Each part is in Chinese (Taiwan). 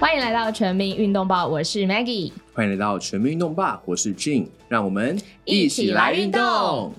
歡迎來到全民運動報，我是 Maggie。歡迎來到全民運動報，我是 Jin。讓我們一起來運動。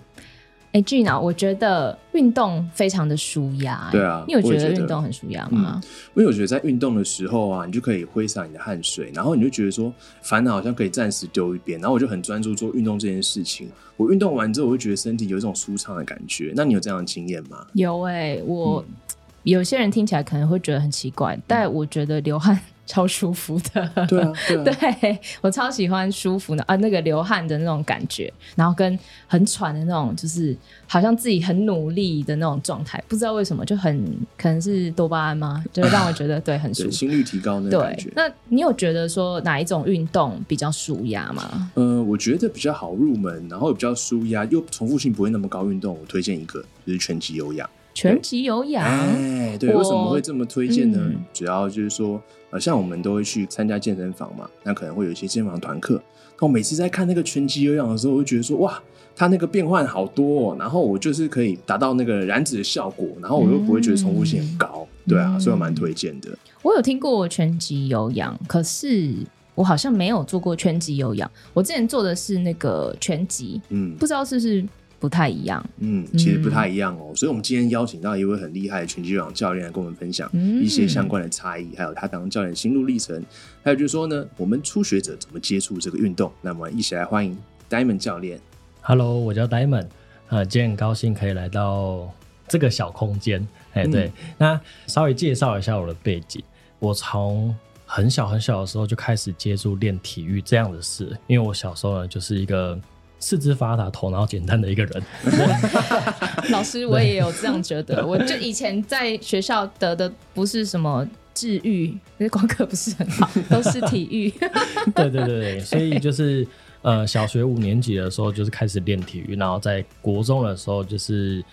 哎 Jin 啊，Jin, 我覺得運動非常的舒壓。對啊，你有覺得運動很舒壓嗎、嗯？因為我覺得在運動的時候啊，你就可以揮灑你的汗水，然後你就覺得說煩惱好像可以暫時丟一邊，然後我就很專注做運動這件事情。我運動完之後，我會覺得身體有一種舒暢的感覺。那你有這樣的經驗嗎？有哎、欸，我。嗯有些人聽起來可能會覺得很奇怪，但我覺得流汗超舒服的。對啊，對啊 對，對我超喜歡舒服的啊，那個流汗的那種感覺，然後跟很喘的那種，就是好像自己很努力的那種狀態，不知道為什麼就很可能是多巴胺嗎？就讓我覺得，啊，對很舒服，心率提高那種感覺。那你有覺得說哪一種運動比較舒壓嗎？呃，我覺得比較好入門，然後也比較舒壓又重複性不會那麼高，運動我推薦一個就是拳擊有氧。拳擊有氧，哎、欸，對，我對，為什麼會這麼推薦呢？嗯、主要就是說，好、呃、像我們都會去參加健身房嘛，那可能會有一些健身房團課。然後每次在看那個拳擊有氧的時候，我就覺得說，哇，它那個變換好多、哦，然後我就是可以達到那個燃脂的效果，然後我又不會覺得重複性很高，嗯、對啊，所以我蠻推薦的。我有聽過拳擊有氧，可是我好像沒有做過拳擊有氧。我之前做的是那個拳擊，嗯，不知道是不是。不太一樣，嗯，其實不太一樣哦、喔。嗯、所以，我們今天邀請到一位很厲害的拳擊有氧教練來跟我們分享一些相關的差異，嗯、還有他當教練的心路歷程，還有就是說呢，我們初學者怎麼接觸這個運動。那麼，一起來歡迎 Diamond 教練。Hello，我叫 Diamond，呃，今天很高興可以來到這個小空間。哎，嗯、對，那稍微介紹一下我的背景。我從很小很小的時候就開始接觸練體育這樣的事，因為我小時候呢，就是一個。四肢發達、頭腦簡單的一個人。我 老師，對我也有這樣覺得。我就以前在學校得的不是什麼智育，因為功課不是很好， 都是體育。 對對對，所以就是呃，小學五年級的時候就是開始練體育，然後在國中的時候就是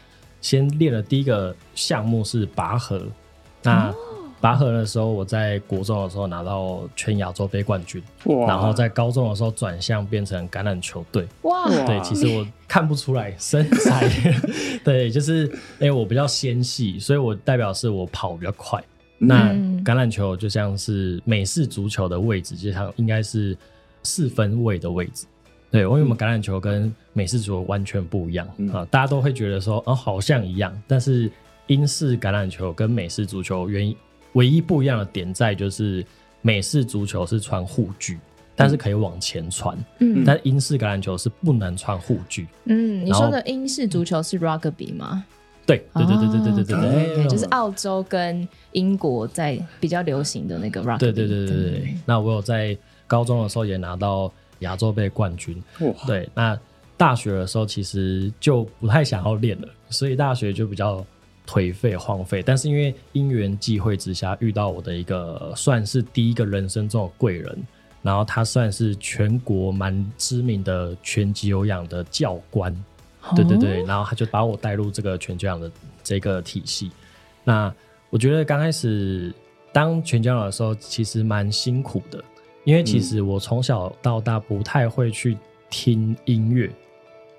先練了第一個項目是拔河。那、哦拔河的時候，我在國中的時候拿到全亞洲盃冠軍，哇然後在高中的時候轉向變成橄欖球隊。哇！對，其實我看不出來身材， 對，就是因為、欸、我比較纖細，所以我代表是我跑比較快。嗯、那橄欖球就像是美式足球的位置，就像應該是四分衛的位置。對，因為我們橄欖球跟美式足球完全不一樣、嗯、啊，大家都會覺得說哦，好像一樣，但是英式橄欖球跟美式足球原因。唯一不一樣的點在就是美式足球是穿護具，但是可以往前穿。嗯，但英式橄欖球是不能穿護具。嗯，你說的英式足球是 rugby 嗎？對，對，對，對，對，對，對，對，就是澳洲跟英國在比較流行的那個 rugby。對，對，對，對，對。那我有在高中的時候也拿到亞洲盃冠軍。哇。對，那大學的時候其實就不太想要練了，所以大學就比較。頹廢荒廢，但是因為因緣際會之下遇到我的一個算是第一個人生中的貴人，然後他算是全國蠻知名的拳擊有氧的教官。哦、對對對，然後他就把我帶入這個拳擊有氧的這個體系。那我覺得剛開始當拳擊有氧的老師，其實蠻辛苦的，因為其實我從小到大不太會去聽音樂，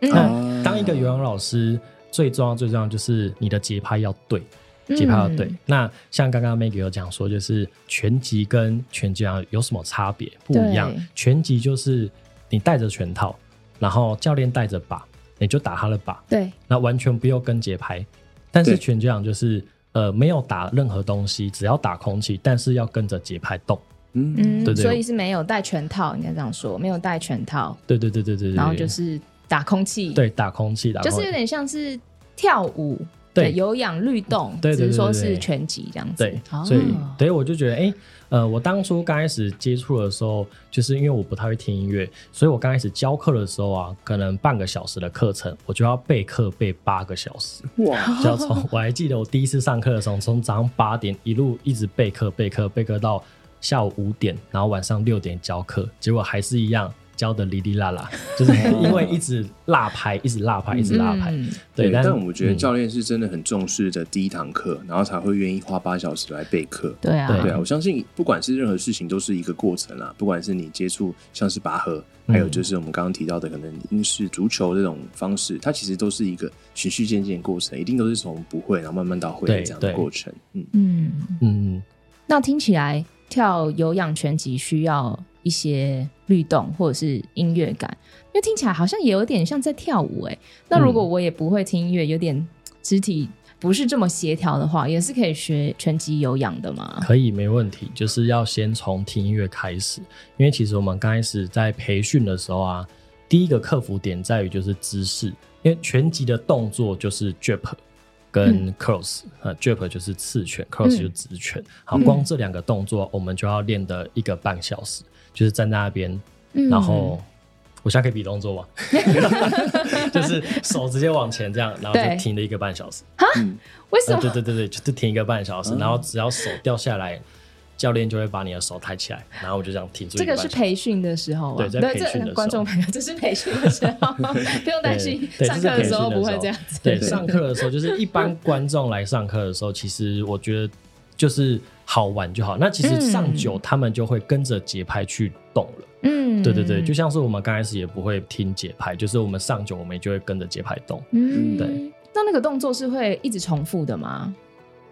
嗯、那當一個有氧老師。嗯最重要，最重要就是你的節拍要對，節拍要對。嗯、那像剛剛 Maggie 有講說，就是拳擊跟拳擊掌有什麼差別不一樣？對拳擊就是你帶着拳套，然後教練帶着靶，你就打他的靶。對，那完全不用跟節拍。但是拳擊掌就是，對呃，沒有打任何東西，只要打空氣，但是要跟着節拍動。嗯嗯，對，對，對，所以是沒有帶拳套，你應該這樣說，沒有帶拳套。對，對對對對對對，然後就是。打空氣，對，打空氣，打空就是有點像是跳舞，對有氧律動，只是說是拳擊這樣子。對，所以，所以我就覺得，哎、欸，呃，我當初剛開始接觸的時候，就是因為我不太會聽音樂，所以我剛開始教課的時候啊，可能半個小時的課程，我就要備課備八個小時。哇！就要從我還記得我第一次上課的時候，從早上八點一路一直備課備課備課到下午五點，然後晚上六點教課，結果還是一樣。教的哩哩啦啦，就是因為一直落拍， 一直落拍，一直落拍。對，但，但我覺得教練是真的很重視的第一堂課，嗯、然後才會願意花八小時來備課。對啊，對啊，我相信不管是任何事情都是一個過程啊，不管是你接觸像是拔河，還有就是我們剛剛提到的可能是足球這種方式，嗯、它其實都是一個循序漸進的過程，一定都是從不會然後慢慢到會這樣的過程。嗯嗯嗯。嗯那聽起來跳有氧拳擊需要一些。律動或者是音樂感，因為聽起來好像也有點像在跳舞哎、欸。那如果我也不會聽音樂，嗯、有點肢體不是這麼協調的話，也是可以學拳擊有氧的嗎？可以，沒問題。就是要先從聽音樂開始，因為其實我們剛開始在培訓的時候啊，第一個克服點在於就是姿勢，因為拳擊的動作就是 jab 跟 cross，呃、嗯啊、jab 就是刺拳，cross 就是直拳。嗯、好，光這兩個動作，我們就要練的一個半小時。就是站在那邊，然後、嗯、我現在可以比動作嗎？ 就是手直接往前這樣，然後就停了一個半小時。哈，為什麼？對對對，就停一個半小時，嗯、然後只要手掉下來，教練就會把你的手抬起來，然後我就這樣停住。這個是培訓的時候，對，在培訓的時候對，這觀眾朋友這是培訓的時候， 不用擔心。上課的時候不會這樣子。對，上課的時候就是一般觀眾來上課的時候，其實我覺得。就是好玩就好。那其實上久他們就會跟着節拍去動了。嗯，對對對，就像是我們剛開始也不會聽節拍，就是我們上久我們就會跟着節拍動。嗯，對。那那個動作是會一直重複的嗎？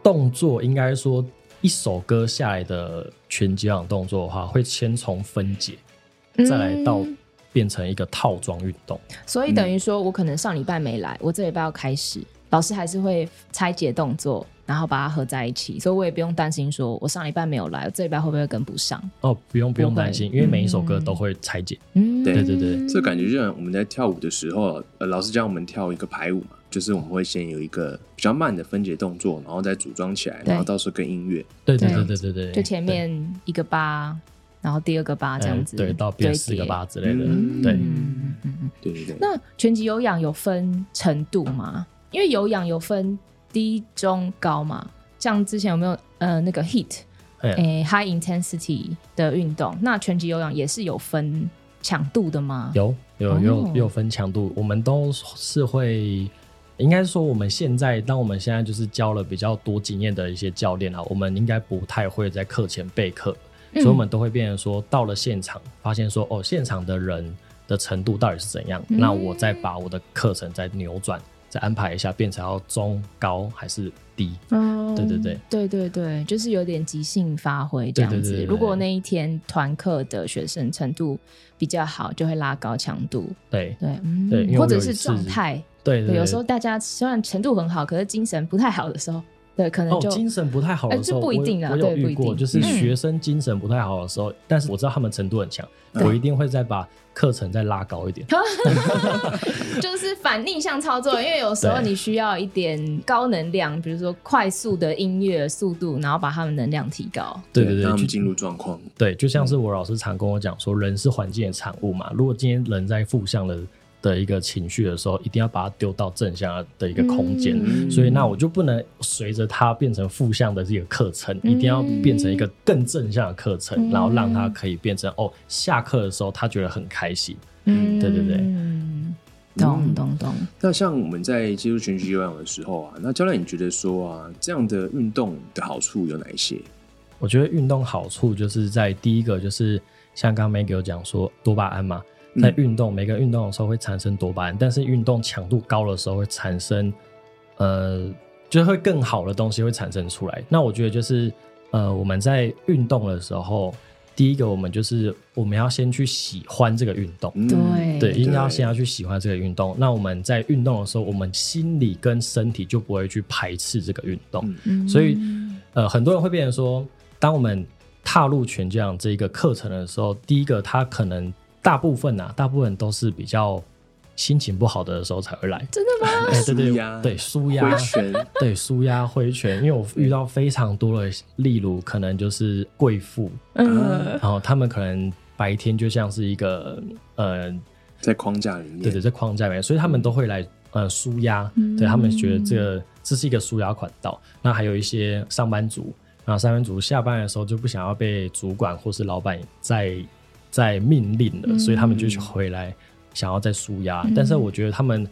動作應該說一首歌下來的全這樣動作的話，會先從分解，再來到變成一個套裝運動。嗯、所以等於說我可能上禮拜沒來，我這禮拜要開始，老師還是會拆解動作。然後把它合在一起，所以我也不用擔心，說我上禮拜沒有來，我這禮拜會不會跟不上？哦，不用不用擔心，哦、因為每一首歌都會拆解。嗯，對對對，這感覺就像我們在跳舞的時候，老師教我們跳一個排舞嘛，就是我們會先有一個比較慢的分解動作，然後再組裝起來，然後到時候跟音樂。對對對對對對。就前面一個八對，然後第二個八這樣子，呃、對，到變四個八之類的。疊嗯、對，對，對對。那拳擊有氧有分程度嗎？因為有氧有分。低、中、高嘛？像之前有沒有呃那個 HIIT、嗯欸、high intensity 的運動？那拳擊、有氧也是有分強度的嗎？有，有，有，有分強度。哦、我們都是會，應該說我們現在，當我們現在就是教了比較多經驗的一些教練啊，我們應該不太會在課前備課，嗯、所以我們都會變成說，到了現場發現說，哦，現場的人的程度到底是怎樣？嗯、那我再把我的課程再扭轉。再安排一下，變成要中高還是低？對對對，對對對，就是有點即興發揮這樣子。如果那一天團課的學生程度比較好，就會拉高強度。對對，或者是狀態。對，有時候大家雖然程度很好，可是精神不太好的時候，對，可能就精神不太好的時候。哎，這不一定啊。對，不一定。我有遇過，就是學生精神不太好的時候，但是我知道他們程度很強，我一定會再把。課程再拉高一點， 就是反逆向操作，因為有時候你需要一點高能量，對比如說快速的音樂速度，然後把他們能量提高。對對對，去進入狀況。對，就像是我老師常跟我講說，人是環境的產物嘛，如果今天人在負向的。的一個情緒的時候，一定要把它丟到正向的一個空間，嗯、所以那我就不能隨着它變成負向的這個課程，嗯、一定要變成一個更正向的課程，嗯、然後讓它可以變成哦，下課的時候他覺得很開心，嗯，對對對，懂懂懂。那像我們在接觸拳擊有氧的時候啊，那教練你覺得說啊，這樣的運動的好處有哪一些？我覺得運動好處就是在第一個就是像剛 Maggie 講說多巴胺嘛。在運動，嗯、每個運動的時候會產生多巴胺，但是運動強度高的時候會產生，呃，就會更好的東西會產生出來。那我覺得就是，呃，我們在運動的時候，第一個我們就是我們要先去喜歡這個運動，嗯、對，對，一定要先要去喜歡這個運動。對那我們在運動的時候，我們心理跟身體就不會去排斥這個運動，嗯、所以，呃，很多人會變成說，當我們踏入拳擊這一個課程的時候，第一個他可能。大部分啊，大部分都是比較心情不好的,的時候才會來。真的嗎？對、哎、對對，舒壓鴨、揮拳，旋對舒壓揮拳。因為我遇到非常多的，例如可能就是貴婦，啊、然後他們可能白天就像是一個呃，在框架裡面，對,對,對在框架裡面，所以他們都會來、嗯、呃舒壓。對他們覺得這個這是一個舒壓管道。嗯、那還有一些上班族，那上班族下班的時候就不想要被主管或是老板在。在命令了，所以他們就去回來想要再舒壓。嗯，但是我覺得他們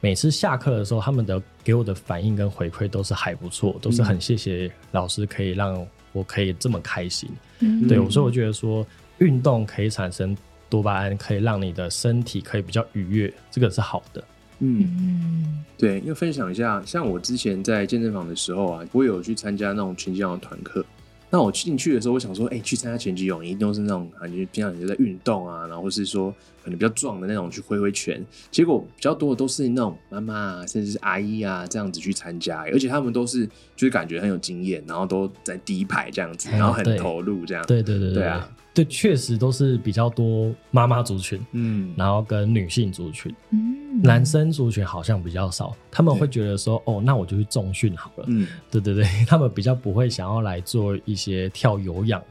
每次下課的時候，他們的給我的反應跟回饋都是還不錯，嗯，都是很謝謝老師，可以讓我可以這麼開心。嗯，對，所以我覺得說運動可以產生多巴胺，可以讓你的身體可以比較愉悅，這個是好的。嗯，對，因為分享一下，像我之前在健身房的時候啊，不會有去參加那種群像團課。那我進去的時候，我想說，哎、欸，去參加拳擊、泳，一定都是那種感覺，平常你就在運動啊，然後是說。可能比較壯的那種去揮揮拳，結果比較多的都是那種媽媽，甚至是阿姨啊這樣子去參加，而且他們都是就是感覺很有經驗，然後都在第一排這樣子，然後很投入這樣。嗯、對，對對對對啊，對，確實都是比較多媽媽族群，嗯，然後跟女性族群，嗯、男生族群好像比較少，他們會覺得說，對哦，那我就去重訓好了，嗯，對對對，他們比較不會想要來做一些跳有氧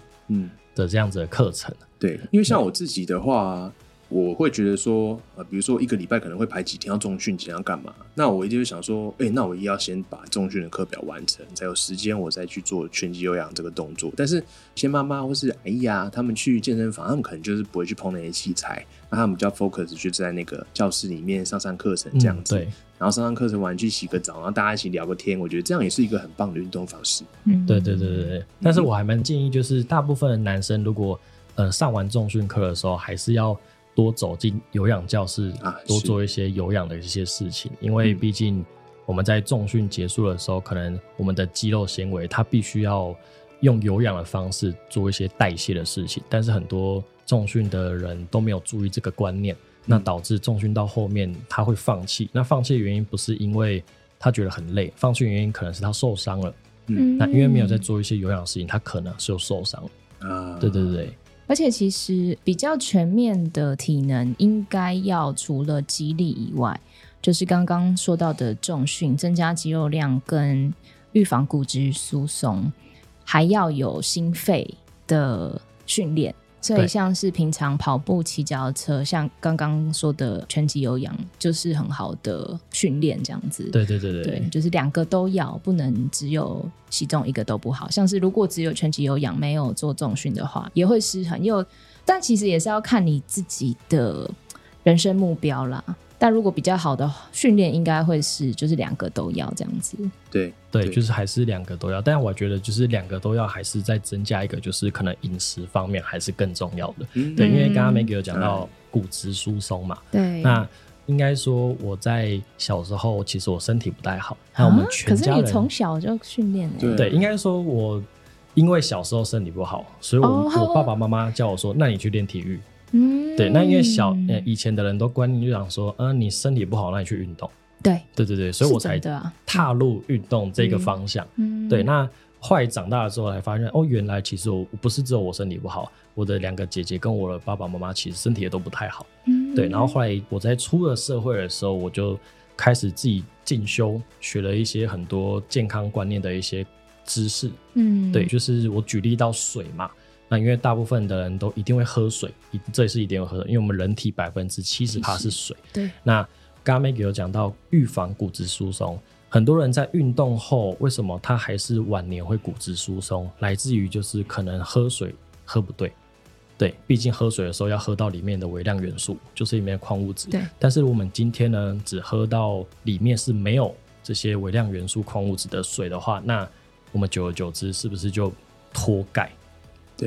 的這樣子的課程，嗯，對，因為像我自己的話。嗯我會覺得說，呃，比如說一個禮拜可能會排幾天要重訓，幾天要幹嘛？那我一定會想說，誒、欸、那我一定要先把重訓的課表完成，才有時間我再去做拳擊有氧這個動作。但是，先媽媽或是阿姨、哎、他們去健身房，他們可能就是不會去碰那些器材，那他們比較 focus，就在那個教室裡面上上課程這樣子。嗯、對。然後上上課程完，去洗個澡，然後大家一起聊個天，我覺得這樣也是一個很棒的運動方式。嗯，對對對對對。嗯、但是我還蠻建議，就是大部分的男生如果，呃，上完重訓課的時候，還是要。多走進有氧教室，啊、多做一些有氧的一些事情，因為畢竟我們在重訓結束的時候，嗯、可能我們的肌肉纖維它必須要用有氧的方式做一些代謝的事情。但是很多重訓的人都沒有注意這個觀念，嗯、那導致重訓到後面他會放棄。那放棄的原因不是因為他覺得很累，放棄原因可能是他受傷了。嗯，那因為沒有在做一些有氧的事情，他可能是有受傷。嗯、對，對對對。而且，其實比較全面的體能，應該要除了肌力以外，就是剛剛說到的重訓，增加肌肉量跟預防骨質疏鬆，還要有心肺的訓練。所以像是平常跑步、騎腳踏車，對像剛剛說的拳擊有氧，就是很好的訓練這樣子。對對對對，對就是兩個都要，不能只有其中一個都不好。像是如果只有拳擊有氧，沒有做重訓的話，也會失衡。又但其實也是要看你自己的人生目標啦。但如果比較好的訓練，訓練應該會是就是兩個都要這樣子。對對、對，就是還是兩個都要。但我覺得就是兩個都要，還是再增加一個，就是可能飲食方面還是更重要的。嗯、對，因為剛剛 Maggie 有講到骨質疏鬆嘛、嗯。對。那應該說我在小時候其實我身體不太好，啊、那我們全可是你從小就訓練。對、對，應該說我因為小時候身體不好，所以我、哦、我爸爸媽媽叫我說，那你去練體育。嗯，對，那因為小呃以前的人都觀念就想說，呃，你身體不好，那你去運動。對，對對對，所以我才踏入運動這個方向。啊、嗯，嗯對，那後來長大的時候，才發現哦，原來其實我，我不是只有我身體不好，我的兩個姐姐跟我的爸爸媽媽其實身體也都不太好。嗯，對，然後後來我在出了社會的時候，我就開始自己進修，學了一些很多健康觀念的一些知識。嗯，對，就是我舉例到水嘛。那因為大部分的人都一定會喝水，這也是一定會喝水。因為我們人體百分之七十八是水。嗯、對。那剛剛 Maggie 有講到預防骨質疏鬆，很多人在運動後為什麼他還是晚年會骨質疏鬆？來自於就是可能喝水喝不對。對。畢竟喝水的時候要喝到裡面的微量元素，就是裡面的礦物質。對但是如果我們今天呢，只喝到裡面是沒有這些微量元素、礦物質的水的話，那我們久而久之是不是就脫鈣？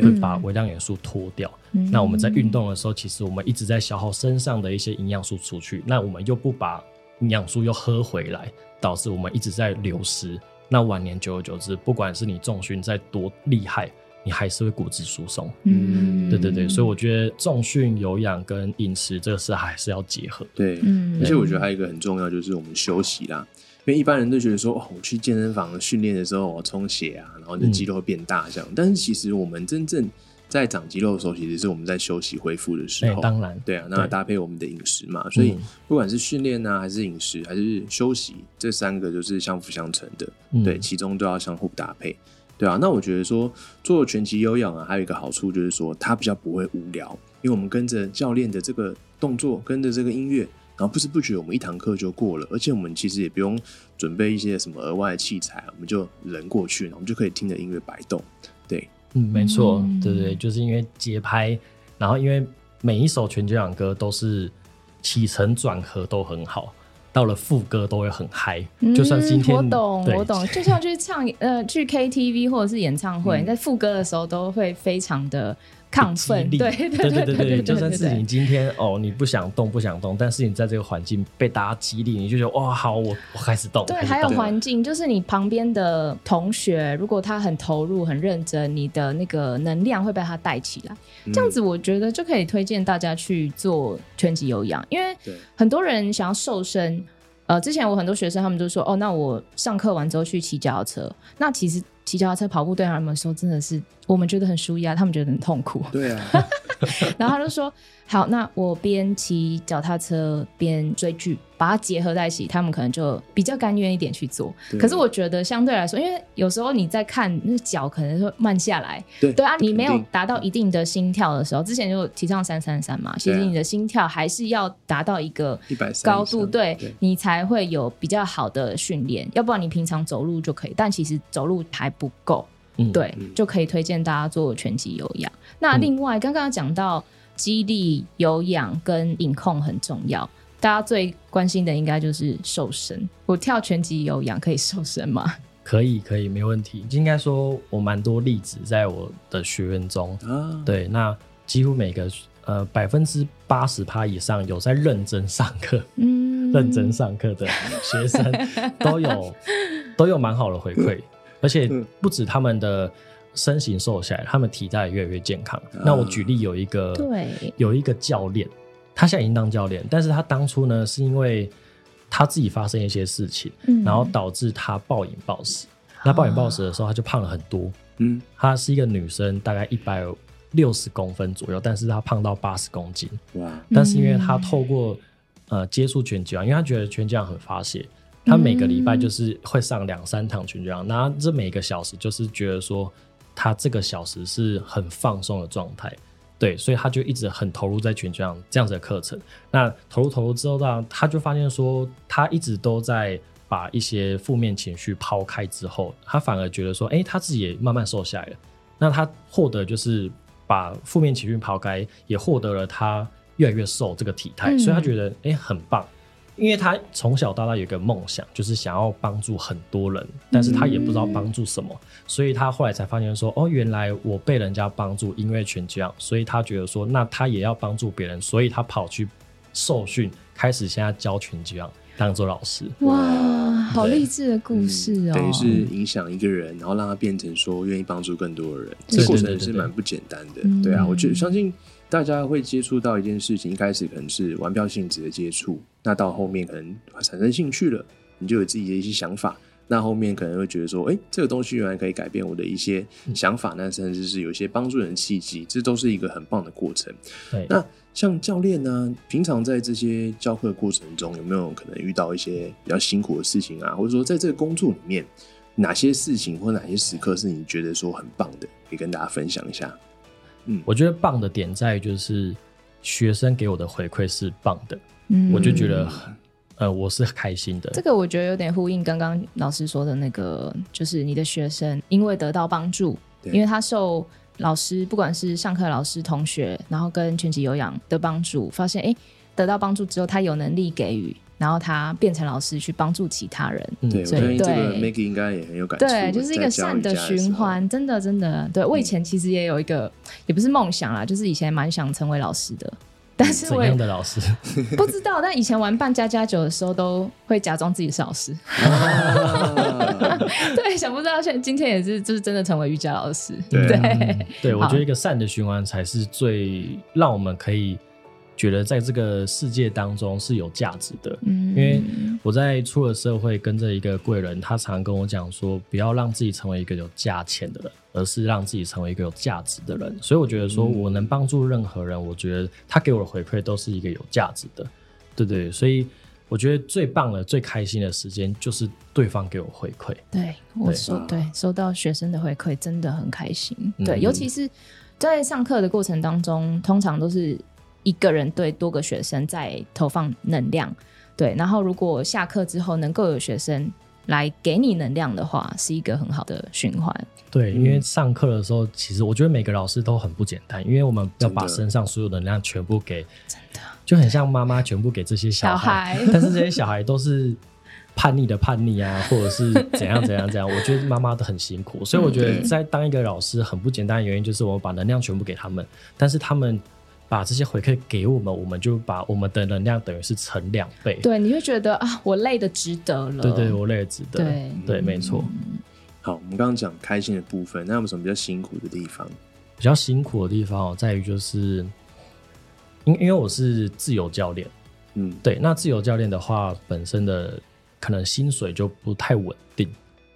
對會把微量元素脫掉，嗯、那我們在運動的時候，嗯嗯其實我們一直在消耗身上的一些營養素出去，那我們又不把營養素又喝回來，導致我們一直在流失。嗯、那晚年久而久之，不管是你重訓再多厲害，你還是會骨質疏鬆。嗯，對對對，所以我覺得重訓、有氧跟飲食這個事還是要結合的。對，嗯、對，而且我覺得還有一個很重要就是我們休息啦。因為一般人都覺得說，哦，我去健身房訓練的時候，我充血啊，然後你的肌肉會變大這樣。嗯、但是其實我們真正在長肌肉的時候，其實是我們在休息恢復的時候。欸、當然。對啊，那搭配我們的飲食嘛，對所以不管是訓練呢，嗯、還是飲食，還是休息，這三個就是相輔相成的。嗯、對，其中都要相互搭配。對啊，那我覺得說做拳擊有氧啊，還有一個好處就是說它比較不會無聊，因為我們跟着教練的這個動作，跟着這個音樂。然後不知不覺，我們一堂課就過了，而且我們其實也不用準備一些什麼額外的器材，我們就人過去，我們就可以聽着音樂擺動。對，嗯，沒錯，嗯、對，對對，就是因為節拍，然後因為每一首拳擊有氧歌都是起承轉合都很好，到了副歌都會很嗨，嗯。就算今天我懂，對我懂。就像去唱呃去 KTV 或者是演唱會，嗯、在副歌的時候都會非常的亢奮，對對對對對，就算是你今天哦，你不想動不想動，但是你在這個環境被大家激勵，你就覺得哇、哦，好，我我開始動。對，還有環境，就是你旁邊的同學，如果他很投入、很認真，你的那個能量會被他帶起來。這樣子，我覺得就可以推薦大家去做拳擊有氧，因為很多人想要瘦身。呃，之前我很多學生他們都說，哦，那我上課完之後去騎腳踏車，那其實。騎腳踏車、跑步對他們來說真的是我們覺得很舒壓，他們覺得很痛苦。對啊， 然後他就說：“ 好，那我邊騎腳踏車邊追劇，把它結合在一起，他們可能就比較甘願一點去做。對”可是我覺得相對來說，因為有時候你在看那腳，可能會慢下來，對，對啊，你沒有達到一定的心跳的時候，之前就提倡三三三嘛，其實你的心跳還是要達到一個一百高度，對、啊、對你才會有比較好的訓練對。要不然你平常走路就可以，但其實走路還不夠，嗯、對，嗯、就可以推薦大家做拳擊有氧。那另外，剛剛講到肌力、有氧跟飲控很重要，大家最關心的應該就是瘦身。我跳拳擊有氧可以瘦身嗎？可以，可以，沒問題。應該說我蠻多例子在我的學員中，啊、對，那幾乎每個呃百分之八十趴以上有在認真上課，嗯，認真上課的學生都有 都有蠻好的回饋。 而且不止他們的身形瘦下來，他們體態也越來越健康。哦、那我舉例有一個，對有一個教練，他現在已經當教練，但是他當初呢是因為他自己發生一些事情，然後導致他暴飲暴食。嗯、那暴飲暴食的時候，哦、他就胖了很多。嗯，他是一個女生，大概一百六十公分左右，但是她胖到八十公斤。哇！但是因為他透過呃接觸拳擊啊，因為他覺得拳擊很發泄。他每個禮拜就是會上兩三堂拳擊有氧這樣，那、嗯、這每個小時就是覺得說，他這個小時是很放鬆的狀態，對，所以他就一直很投入在拳擊有氧這樣這樣子的課程。那投入投入之後，那他就發現說，他一直都在把一些負面情緒拋開之後，他反而覺得說，哎、欸，他自己也慢慢瘦下來了。那他獲得就是把負面情緒拋開，也獲得了他越來越瘦這個體態，嗯、所以他覺得哎、欸，很棒。因為他從小到大有一個夢想，就是想要幫助很多人，但是他也不知道幫助什麼，嗯、所以他後來才發現說，哦，原來我被人家幫助，因為拳擊有氧，所以他覺得說，那他也要幫助別人，所以他跑去受訓，開始現在教拳擊有氧，當做老師。哇，對好勵志的故事哦！等於是影響一個人，然後讓他變成說願意幫助更多的人，嗯、這個過程是蠻不簡單的，嗯、對啊，我就相信。大家會接觸到一件事情，一開始可能是玩票性質的接觸，那到後面可能產生興趣了，你就有自己的一些想法。那後面可能會覺得說，哎、欸，這個東西原來可以改變我的一些想法，嗯、那甚至是有一些幫助人的契機，這都是一個很棒的過程。對，嗯、那像教練呢，平常在這些教課的過程中，有沒有可能遇到一些比較辛苦的事情啊？或者說，在這個工作裡面，哪些事情或哪些時刻是你覺得說很棒的，可以跟大家分享一下？嗯、我覺得棒的點在於，就是學生給我的回饋是棒的，嗯、我就覺得，呃，我是開心的。這個我覺得有點呼應剛剛老師說的那個，就是你的學生因為得到幫助，對因為他受老師，不管是上課老師、同學，然後跟拳擊有氧的幫助，發現哎、欸，得到幫助之後，他有能力給予。然後他變成老師去幫助其他人，對，所以這個 Maggie 應該也很有感覺。對，就是一個善的循環，真的，真的。對，我以前其實也有一個，也不是夢想啦，就是以前蠻想成為老師的，但是我，怎樣的老師？不知道。但以前玩扮家家酒的時候，都會假裝自己是老師。對，想不到，現在今天也是，就是真的成為瑜伽老師。對，對我覺得一個善的循環才是最讓我們可以。覺得在這個世界當中是有價值的，嗯、因為我在出了社會，跟着一個貴人，他常跟我講說，不要讓自己成為一個有價錢的人，而是讓自己成為一個有價值的人。所以我覺得，說我能幫助任何人，嗯、我覺得他給我的回饋都是一個有價值的，對對。所以我覺得最棒的、最開心的時間就是對方給我回饋。對，對我說對，收到學生的回饋真的很開心。嗯、對，尤其是在上課的過程當中，通常都是。一個人對多個學生在投放能量，對，然後如果下課之後能夠有學生來給你能量的話，是一個很好的循環。對，因為上課的時候，嗯，其實我覺得每個老師都很不簡單，因為我們要把身上所有能量全部給，真的就很像媽媽全部給這些小孩，小孩，但是這些小孩都是叛逆的叛逆啊， 或者是怎樣怎樣怎樣。我覺得媽媽都很辛苦，所以我覺得在當一個老師很不簡單的原因就是，我們把能量全部給他們，但是他們。把這些回饋給我們，我們就把我們的能量等於是乘兩倍。對，你會覺得啊，我累的值得了。對，對，對，對我累的值得。對對，沒錯。嗯。好，我們剛剛講開心的部分，那有，有什麼比較辛苦的地方？比較辛苦的地方哦，在於就是，因因為我是自由教練，嗯，對，那自由教練的話，本身的可能薪水就不太穩定。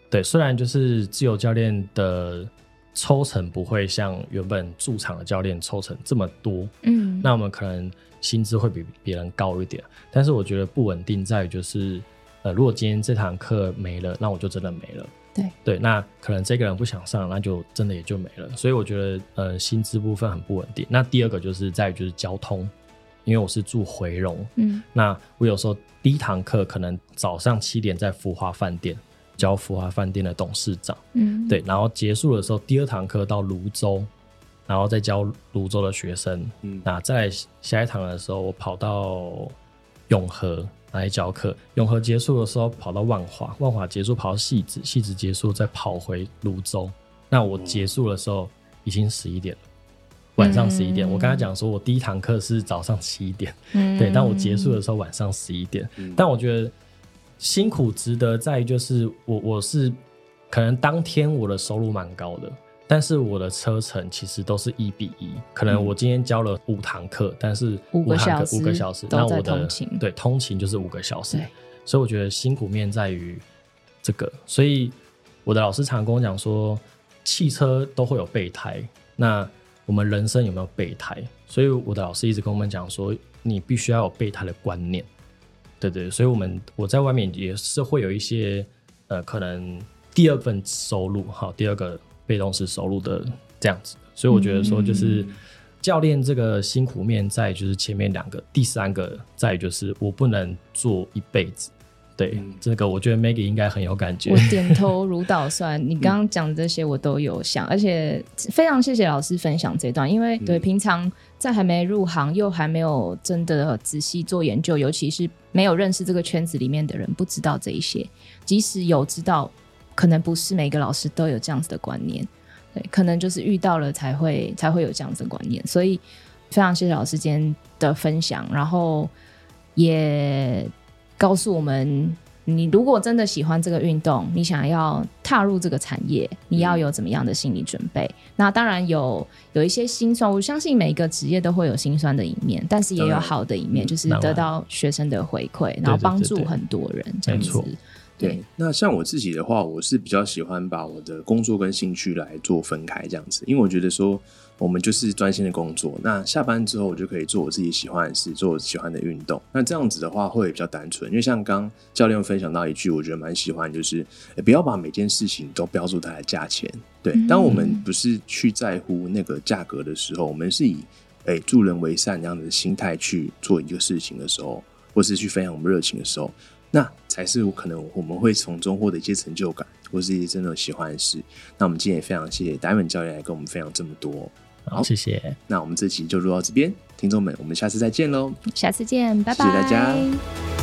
對，雖然就是自由教練的。抽成不會像原本駐場的教練抽成這麼多，嗯，那我們可能薪資會比別人高一點，但是我覺得不穩定在於就是，呃，如果今天這堂課沒了，那我就真的沒了。對對，那可能這個人不想上，那就真的也就沒了。所以我覺得，呃，薪資部分很不穩定。那第二個就是在於就是交通，因為我是住回龍，嗯，那我有時候第一堂課可能早上七點在福華飯店。教福華飯店的董事長，嗯，對，然後結束的時候，第二堂課到蘆洲，然後再教蘆洲的學生。嗯、那在下一堂的時候，我跑到永和來教課。永和結束的時候，跑到萬華，萬華結束跑到汐止。汐止結束再跑回蘆洲。那我結束的時候已經十一點，晚上十一點。嗯、我剛才講說我第一堂課是早上七點，嗯，對，但我結束的時候晚上十一點。嗯、但我覺得。辛苦值得，在就是我我，是可能當天我的收入蠻高的，但是我的車程其實都是一比一，可能我今天教了五堂課，但是五個小時五個小時，那我的對通勤就是五個小時，對所以我覺得辛苦面在於這個，所以我的老師常跟我講說，汽車都會有備胎，那我們人生有沒有備胎？所以我的老師一直跟我們講說，你必須要有備胎的觀念。對對，所以我們我在外面也是會有一些，呃，可能第二份收入，好，第二個被動式收入的這樣子。所以我覺得說，就是教練這個辛苦面在就是前面兩個，第三個在就是我不能做一輩子。對這個，我覺得 Maggie 應該很有感覺。我點頭如搗蒜， 你剛剛講的這些我都有想，而且非常謝謝老師分享這段，因為對、嗯、平常在還沒入行又還沒有真的仔細做研究，尤其是沒有認識這個圈子裡面的人，不知道這一些。即使有知道，可能不是每個老師都有這樣子的觀念，對，可能就是遇到了才會才會有這樣子的觀念。所以非常謝謝老師今天的分享，然後也。告訴我們，你如果真的喜歡這個運動，你想要踏入這個產業，你要有怎麼樣的心理準備？嗯、那當然有有一些心酸，我相信每一個職業都會有心酸的一面，但是也有好的一面，嗯、就是得到學生的回饋，嗯、然後幫助很多人，對對對對，這樣子，沒錯。對，那像我自己的話，我是比較喜歡把我的工作跟興趣來做分開這樣子，因為我覺得說，我們就是專心的工作，那下班之後我就可以做我自己喜歡的事，做我喜歡的運動。那這樣子的話會比較單純，因為像剛教練分享到一句，我覺得蠻喜歡，就是，誒，不要把每件事情都標注它的價錢。對，當我們不是去在乎那個價格的時候，嗯、我們是以誒助人為善這樣的心態去做一個事情的時候，或是去分享我們熱情的時候。那才是我可能我們會從中獲得一些成就感，或是一些真的喜歡的事。那我們今天也非常謝謝 Diamond 教練來跟我們分享這麼多，好，哦，謝謝。那我們這期就錄到這邊，聽眾們，我們下次再見嘍，下次見，拜拜，謝謝大家。